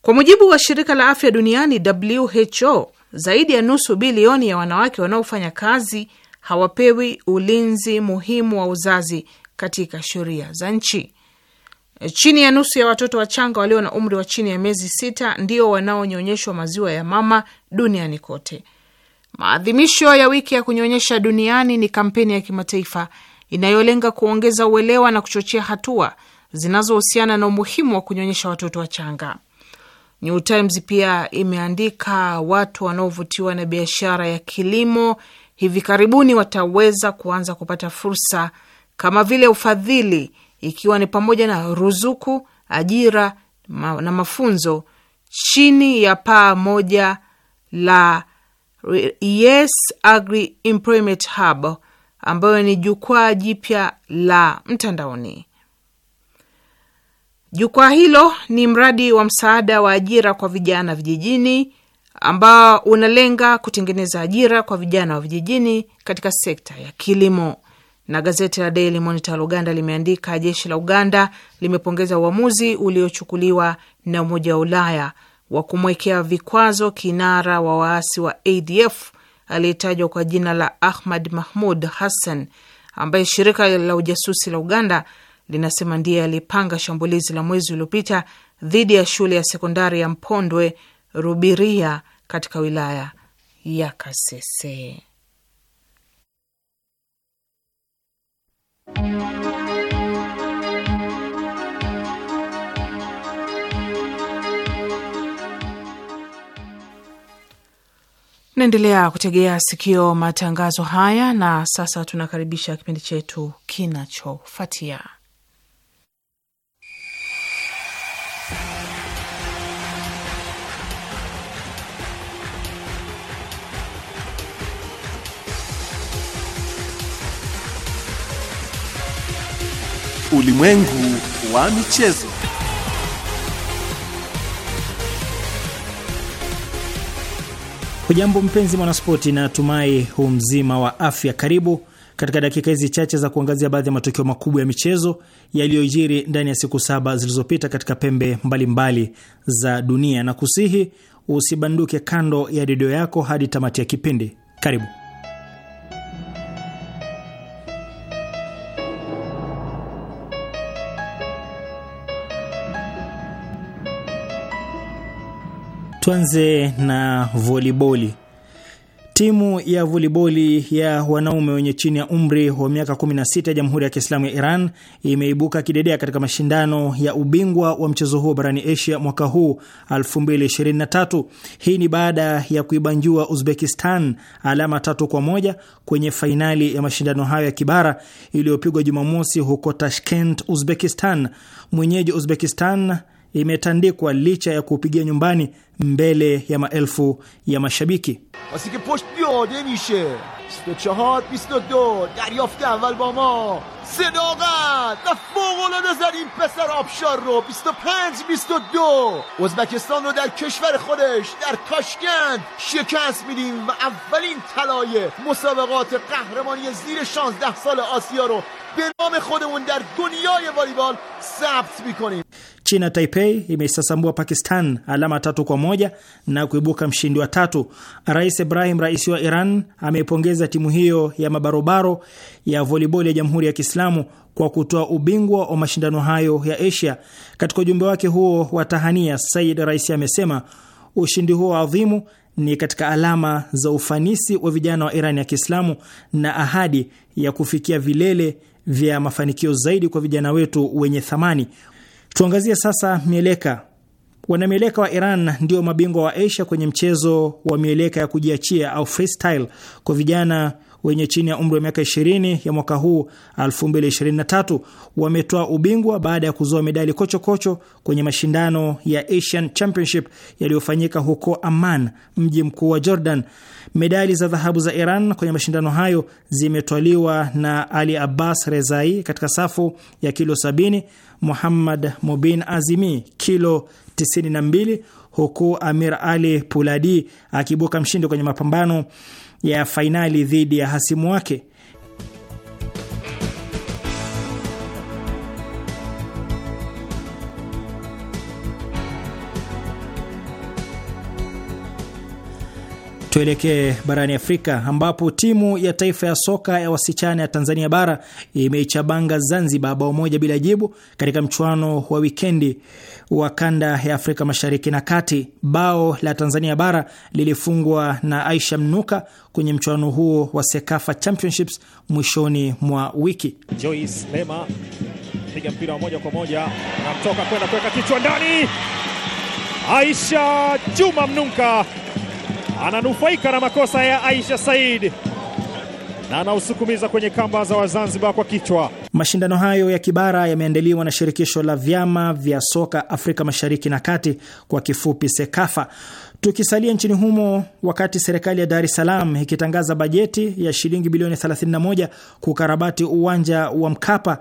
B: kwa mujibu wa shirika la afya duniani WHO, zaidi ya nusu bilioni ya wanawake wanaofanya kazi hawapewi ulinzi muhimu wa uzazi katika sheria za nchi. Chini ya nusu ya watoto wachanga walio na umri wa chini ya miezi sita ndio wanaonyonyeshwa maziwa ya mama duniani kote. Maadhimisho ya wiki ya kunyonyesha duniani ni kampeni ya kimataifa inayolenga kuongeza uelewa na kuchochea hatua zinazohusiana na umuhimu wa kunyonyesha watoto wachanga. New Times pia imeandika watu wanaovutiwa na biashara ya kilimo hivi karibuni wataweza kuanza kupata fursa kama vile ufadhili, ikiwa ni pamoja na ruzuku, ajira na mafunzo chini ya paa moja la Yes Agri Employment Hub ambayo ni jukwaa jipya la mtandaoni. Jukwaa hilo ni mradi wa msaada wa ajira kwa vijana vijijini ambao unalenga kutengeneza ajira kwa vijana wa vijijini katika sekta ya kilimo. Na gazeti la Daily Monitor Uganda limeandika jeshi la Uganda limepongeza uamuzi uliochukuliwa na Umoja wa Ulaya wa kumwekea vikwazo kinara wa waasi wa ADF aliyetajwa kwa jina la Ahmad Mahmud Hassan ambaye shirika la ujasusi la Uganda linasema ndiye alipanga shambulizi la mwezi uliopita dhidi ya shule ya sekondari ya Mpondwe Rubiria katika wilaya ya Kasese. Naendelea kutegea sikio matangazo haya, na sasa tunakaribisha kipindi chetu kinachofuatia.
A: Ulimwengu wa michezo.
D: Hujambo mpenzi mwanaspoti, na tumai hu mzima wa afya. Karibu katika dakika hizi chache za kuangazia baadhi ya matukio makubwa ya michezo yaliyojiri ndani ya siku saba zilizopita katika pembe mbalimbali mbali za dunia, na kusihi usibanduke kando ya redio yako hadi tamati ya kipindi. Karibu. Tuanze na voliboli. Timu ya voliboli ya wanaume wenye chini ya umri wa miaka 16 ya Jamhuri ya Kiislamu ya Iran imeibuka kidedea katika mashindano ya ubingwa wa mchezo huo barani Asia mwaka huu 2023. Hii ni baada ya kuibanjua Uzbekistan alama tatu kwa moja kwenye fainali ya mashindano hayo ya kibara iliyopigwa Jumamosi huko Tashkent, Uzbekistan. Mwenyeji Uzbekistan imetandikwa licha ya kupigia nyumbani mbele ya maelfu ya شبیکی
E: wasi که پشت بیاده میشه 24 22 دریافت اول با ما صداقت و فوقالعاده زد این پسر آبشار رو 25 22 ازبکستان رو در کشور خودش در تاشکند شکست میدیم و اولین طلای مسابقات قهرمانی زیر 16 سال آسیا رو به نام خودمون در دنیای والیبال ثبت میکنیم
D: China Taipei imeisasambua Pakistan alama tatu kwa moja na kuibuka mshindi wa tatu. Rais Ibrahim Raisi wa Iran ameipongeza timu hiyo ya mabarobaro ya volleyball ya Jamhuri ya Kiislamu kwa kutoa ubingwa wa mashindano hayo ya Asia. Katika ujumbe wake huo wa tahania, Said Raisi amesema ushindi huo adhimu ni katika alama za ufanisi wa vijana wa Iran ya Kiislamu na ahadi ya kufikia vilele vya mafanikio zaidi kwa vijana wetu wenye thamani. Tuangazie sasa mieleka. Wanamieleka wa Iran ndio mabingwa wa Asia kwenye mchezo wa mieleka ya kujiachia au freestyle kwa vijana wenye chini ya umri wa miaka 20 ya mwaka huu 2023 wametoa ubingwa baada ya kuzoa medali kochokocho kocho kwenye mashindano ya Asian Championship yaliyofanyika huko Amman, mji mkuu wa Jordan. Medali za dhahabu za Iran kwenye mashindano hayo zimetwaliwa na Ali Abbas Rezai katika safu ya kilo sabini Muhammad Mubin Azimi kilo 92 huku Amir Ali Puladi akibuka mshindi kwenye mapambano ya fainali dhidi ya hasimu wake. Tuelekee barani Afrika ambapo timu ya taifa ya soka ya wasichana ya Tanzania bara imeichabanga Zanzibar bao moja bila jibu katika mchuano wa wikendi wa kanda ya Afrika mashariki na kati. Bao la Tanzania bara lilifungwa na Aisha Mnuka kwenye mchuano huo wa Sekafa Championships mwishoni mwa wiki. Joyce Lema piga mpira wa moja kwa moja, anatoka kwenda kuweka kichwa ndani, Aisha Juma Mnuka ananufaika na makosa ya Aisha Said na anausukumiza kwenye kamba za Wazanzibar kwa kichwa. Mashindano hayo ya kibara yameandaliwa na shirikisho la vyama vya soka Afrika Mashariki na Kati, kwa kifupi SEKAFA. Tukisalia nchini humo, wakati serikali ya Dar es Salaam ikitangaza bajeti ya shilingi bilioni 31 kukarabati uwanja wa Mkapa,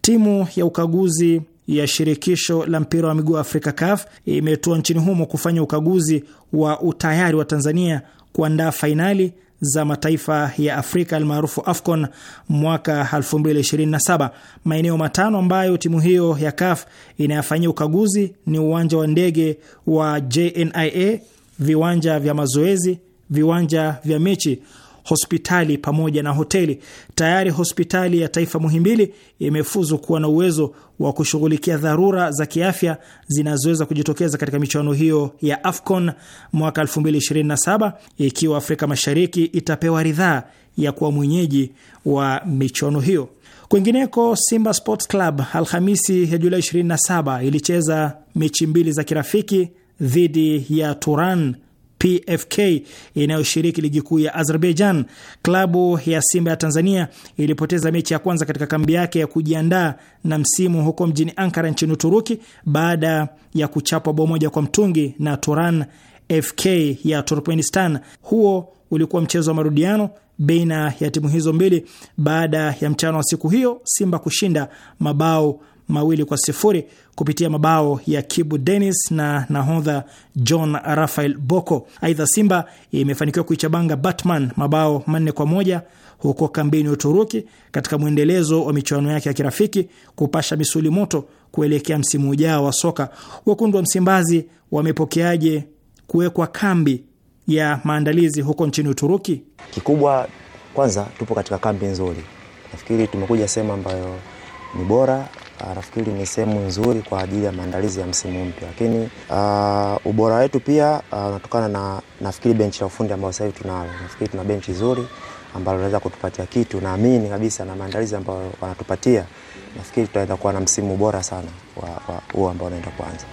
D: timu ya ukaguzi ya shirikisho la mpira wa miguu Afrika CAF imetua nchini humo kufanya ukaguzi wa utayari wa Tanzania kuandaa fainali za mataifa ya Afrika almaarufu AFCON mwaka 2027. Maeneo matano ambayo timu hiyo ya CAF inayafanyia ukaguzi ni uwanja wa ndege wa JNIA, viwanja vya mazoezi, viwanja vya mechi hospitali pamoja na hoteli. Tayari hospitali ya taifa Muhimbili imefuzu kuwa na uwezo wa kushughulikia dharura za kiafya zinazoweza kujitokeza katika michuano hiyo ya AFCON mwaka 2027 ikiwa Afrika Mashariki itapewa ridhaa ya kuwa mwenyeji wa michuano hiyo. Kwingineko, Simba Sports Club Alhamisi ya Julai 27 ilicheza mechi mbili za kirafiki dhidi ya Turan PFK inayoshiriki ligi kuu ya Azerbaijan. Klabu ya Simba ya Tanzania ilipoteza mechi ya kwanza katika kambi yake ya kujiandaa na msimu huko mjini Ankara nchini Uturuki baada ya kuchapwa bao moja kwa mtungi na Turan FK ya Turkmenistan. Huo ulikuwa mchezo wa marudiano baina ya timu hizo mbili. Baada ya mchano wa siku hiyo, Simba kushinda mabao mawili kwa sifuri kupitia mabao ya Kibu Dennis na nahodha John Rafael Boko. Aidha, Simba imefanikiwa kuichabanga Batman mabao manne kwa moja huko kambini Uturuki katika mwendelezo wa michuano yake ya kirafiki kupasha misuli moto kuelekea msimu ujao wa soka. Wekundu wa Msimbazi wamepokeaje kuwekwa kambi ya maandalizi huko nchini Uturuki? Kikubwa kwanza, tupo katika kambi nzuri, nafikiri tumekuja sehemu ambayo ni bora Ah, nafikiri ni sehemu nzuri kwa ajili ya maandalizi ya msimu mpya, lakini uh, ubora wetu pia ah, unatokana uh, na nafikiri benchi la ufundi ambayo sasa hivi tunalo. Nafikiri tuna benchi zuri ambalo linaweza kutupatia kitu, naamini kabisa na maandalizi ambayo wanatupatia, nafikiri tutaenda kuwa na msimu bora sana wa huo ambao unaenda kuanza.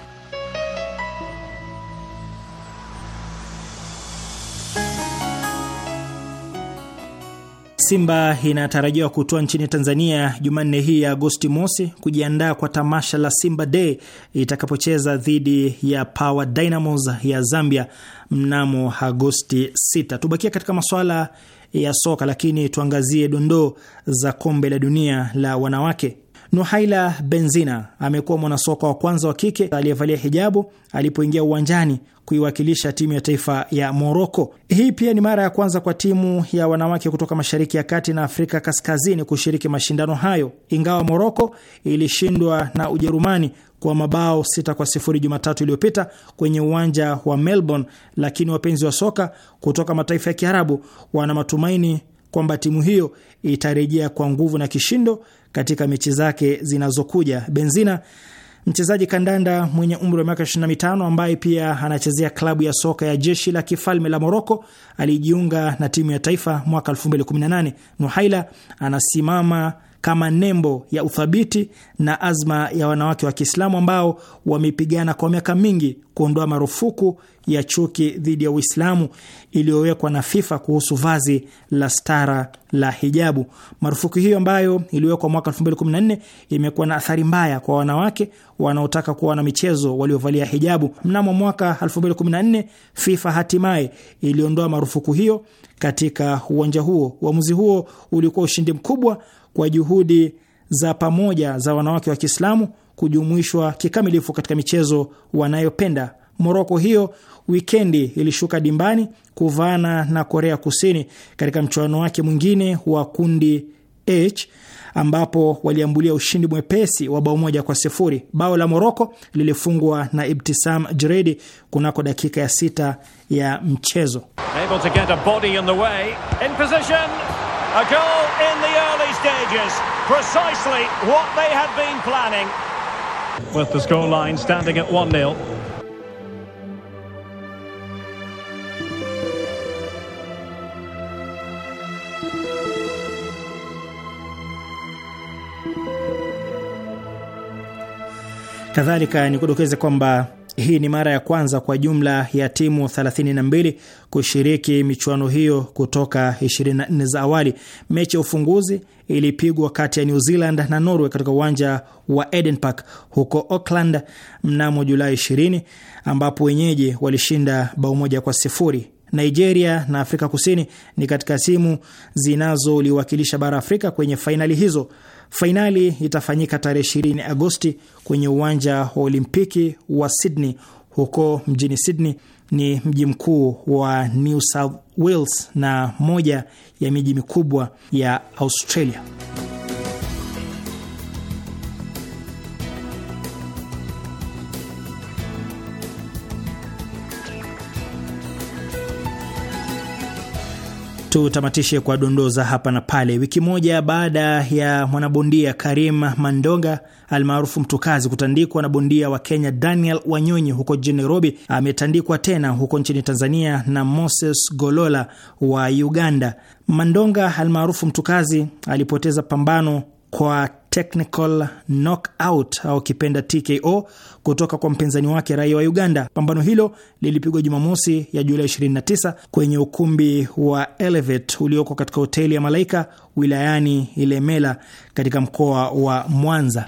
D: Simba inatarajiwa kutoa nchini Tanzania Jumanne hii ya Agosti mosi kujiandaa kwa tamasha la Simba Day itakapocheza dhidi ya Power Dynamos ya Zambia mnamo Agosti 6. Tubakia katika masuala ya soka, lakini tuangazie dondoo za kombe la dunia la wanawake. Nuhaila Benzina amekuwa mwanasoka wa kwanza wa kike aliyevalia hijabu alipoingia uwanjani kuiwakilisha timu ya taifa ya Moroko. Hii pia ni mara ya kwanza kwa timu ya wanawake kutoka Mashariki ya Kati na Afrika Kaskazini kushiriki mashindano hayo, ingawa Moroko ilishindwa na Ujerumani kwa mabao sita kwa sifuri Jumatatu iliyopita kwenye uwanja wa Melbourne, lakini wapenzi wa soka kutoka mataifa ya Kiarabu wana matumaini kwamba timu hiyo itarejea kwa nguvu na kishindo katika mechi zake zinazokuja. Benzina mchezaji kandanda mwenye umri wa miaka 25 ambaye pia anachezea klabu ya soka ya jeshi la kifalme la Moroko alijiunga na timu ya taifa mwaka 2018. Nuhaila anasimama kama nembo ya uthabiti na azma ya wanawake wa Kiislamu ambao wamepigana kwa miaka mingi kuondoa marufuku ya chuki dhidi ya Uislamu iliyowekwa na FIFA kuhusu vazi la stara la hijabu. Marufuku hiyo ambayo iliwekwa mwaka 2014 imekuwa na athari mbaya kwa wanawake wanaotaka kuwa na michezo waliovalia hijabu. Mnamo mwaka 2014 FIFA hatimaye iliondoa marufuku hiyo katika uwanja huo. Uamuzi huo ulikuwa ushindi mkubwa kwa juhudi za pamoja za wanawake wa Kiislamu kujumuishwa kikamilifu katika michezo wanayopenda. Moroko hiyo wikendi ilishuka dimbani kuvaana na Korea Kusini katika mchuano wake mwingine wa kundi H ambapo waliambulia ushindi mwepesi wa bao moja kwa sifuri. Bao la Moroko lilifungwa na Ibtisam jredi kunako dakika ya sita ya mchezo.
E: Able to get a body in the way. In position. A goal in the early stages, precisely what they had been planning.
D: With the scoreline standing at 1-0. Kadhalika ni kudokeza kwamba hii ni mara ya kwanza kwa jumla ya timu 32 kushiriki michuano hiyo kutoka 24 za awali. Mechi ya ufunguzi ilipigwa kati ya New Zealand na Norway katika uwanja wa Eden Park huko Auckland mnamo Julai 20, ambapo wenyeji walishinda bao moja kwa sifuri. Nigeria na Afrika Kusini ni katika timu zinazoliwakilisha bara Afrika kwenye fainali hizo. Fainali itafanyika tarehe 20 Agosti kwenye uwanja wa olimpiki wa Sydney huko mjini Sydney. Ni mji mkuu wa New South Wales na moja ya miji mikubwa ya Australia. Tutamatishe kwa dondoza hapa na pale. Wiki moja baada ya mwanabondia Karim Mandonga almaarufu Mtukazi kutandikwa na bondia wa Kenya Daniel Wanyonyi huko jijini Nairobi, ametandikwa tena huko nchini Tanzania na Moses Golola wa Uganda. Mandonga almaarufu Mtukazi alipoteza pambano kwa technical knockout au kipenda TKO kutoka kwa mpinzani wake raia wa Uganda. Pambano hilo lilipigwa Jumamosi ya Julai 29 kwenye ukumbi wa Elevate ulioko katika hoteli ya Malaika wilayani Ilemela katika mkoa wa Mwanza.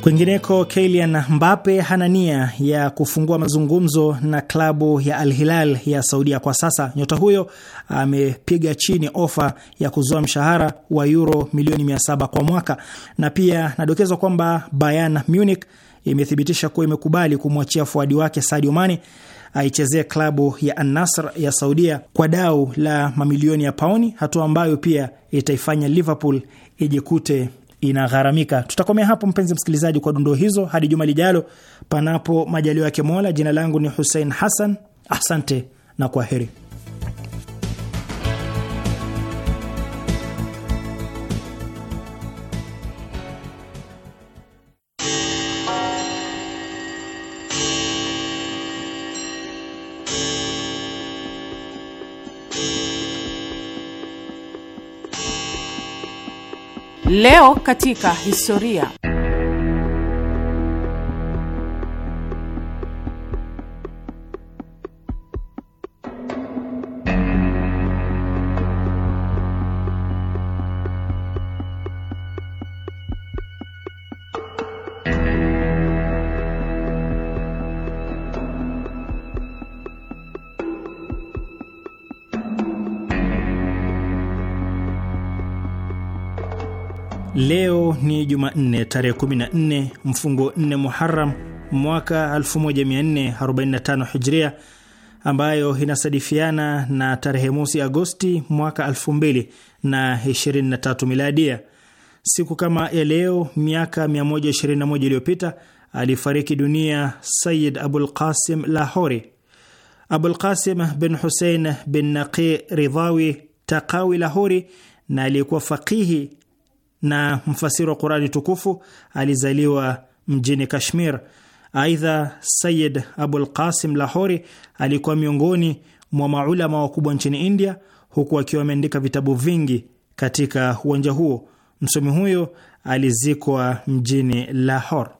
D: Kwingineko, Kylian Mbappe hana nia ya kufungua mazungumzo na klabu ya Al Hilal ya Saudia kwa sasa. Nyota huyo amepiga chini ofa ya kuzoa mshahara wa euro milioni 700 kwa mwaka, na pia nadokezwa kwamba Bayern Munich imethibitisha kuwa imekubali kumwachia fuadi wake Sadio Mane aichezee klabu ya anasr ya Saudia kwa dau la mamilioni ya pauni, hatua ambayo pia itaifanya Liverpool ijikute inagharamika. Tutakomea hapo mpenzi msikilizaji, kwa dondoo hizo hadi juma lijalo, panapo majalio yake Mola. Jina langu ni Hussein Hassan, asante na kwa heri
B: Leo katika historia
D: ni Jumanne tarehe 14 mfungo 4 muharam mwaka 1445 Hijria, ambayo inasadifiana na tarehe mosi Agosti mwaka 2023 Miladia. Siku kama ya leo miaka 121 iliyopita alifariki dunia Sayid Abul Qasim Lahori. Abul Qasim bin Husein bin Naqi Ridhawi Taqawi Lahori na aliyekuwa faqihi na mfasiri wa Qurani tukufu alizaliwa mjini Kashmir. Aidha, Sayid Abul Qasim Lahori alikuwa miongoni mwa maulama wakubwa nchini India, huku akiwa ameandika vitabu vingi katika uwanja huo. Msomi huyo alizikwa mjini Lahore.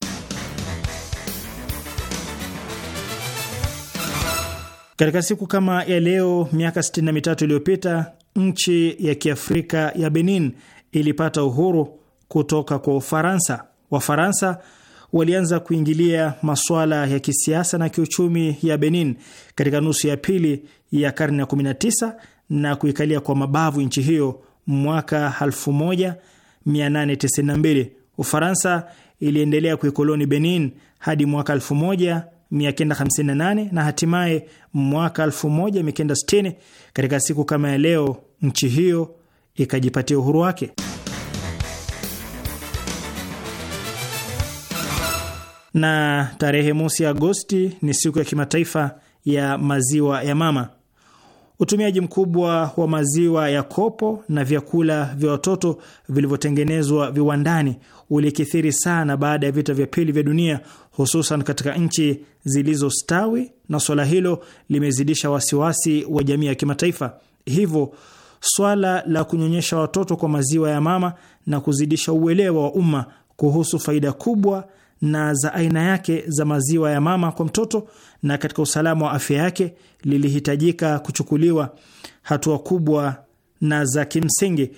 D: Katika siku kama ya leo miaka 63 iliyopita nchi ya kiafrika ya Benin ilipata uhuru kutoka kwa Ufaransa. Wafaransa walianza kuingilia masuala ya kisiasa na kiuchumi ya Benin katika nusu ya pili ya karne ya 19 na kuikalia kwa mabavu nchi hiyo mwaka 1892. Ufaransa iliendelea kuikoloni Benin hadi mwaka 1958 na hatimaye mwaka 1960 katika siku kama ya leo nchi hiyo ikajipatia uhuru wake. Na tarehe mosi Agosti ni siku ya kimataifa ya maziwa ya mama. Utumiaji mkubwa wa maziwa ya kopo na vyakula vya watoto vilivyotengenezwa viwandani ulikithiri sana baada ya vita vya pili vya dunia, hususan katika nchi zilizostawi, na suala hilo limezidisha wasiwasi wa jamii ya kimataifa. Hivyo swala la kunyonyesha watoto kwa maziwa ya mama na kuzidisha uelewa wa umma kuhusu faida kubwa na za aina yake za maziwa ya mama kwa mtoto na katika usalama wa afya yake, lilihitajika kuchukuliwa hatua kubwa na za kimsingi.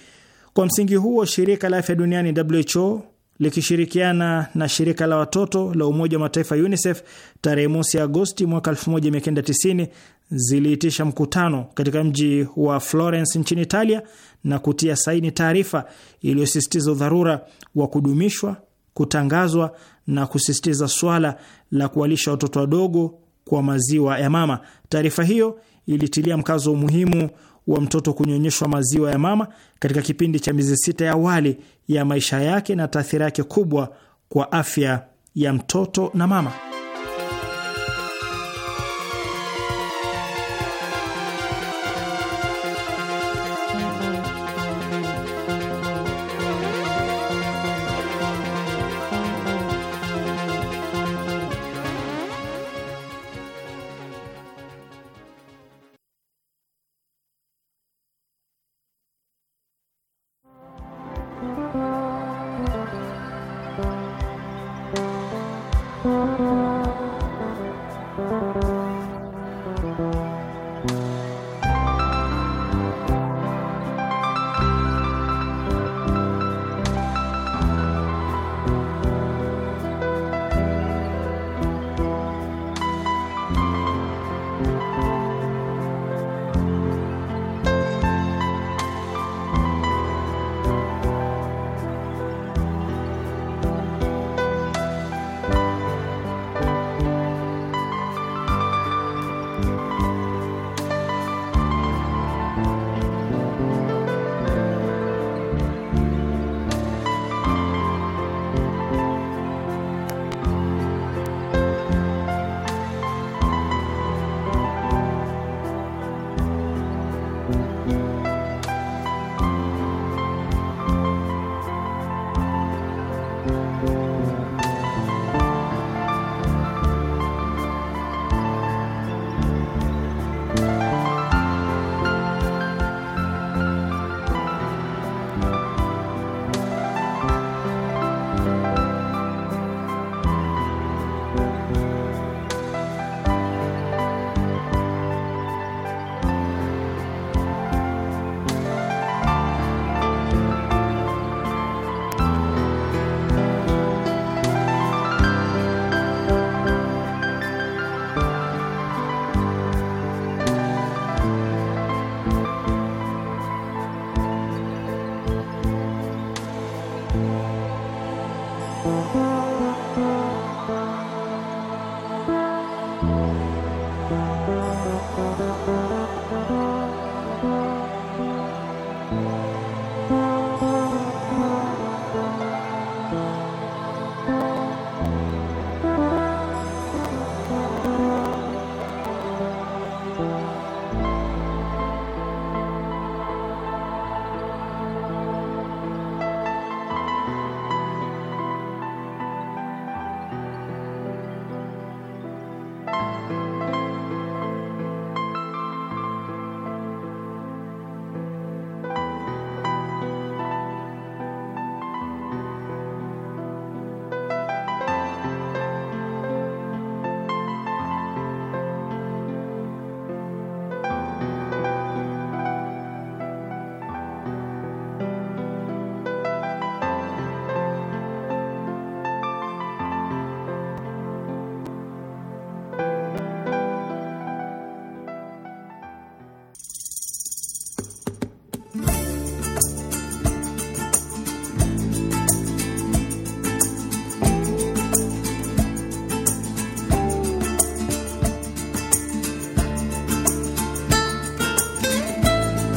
D: Kwa msingi huo, shirika la afya duniani WHO likishirikiana na shirika la watoto la Umoja wa Mataifa UNICEF tarehe mosi Agosti mwaka 1990 ziliitisha mkutano katika mji wa Florence nchini Italia na kutia saini taarifa iliyosisitiza udharura wa kudumishwa, kutangazwa na kusisitiza swala la kuwalisha watoto wadogo kwa maziwa ya mama. Taarifa hiyo ilitilia mkazo umuhimu wa mtoto kunyonyeshwa maziwa ya mama katika kipindi cha miezi sita ya awali ya maisha yake na taathira yake kubwa kwa afya ya mtoto na mama.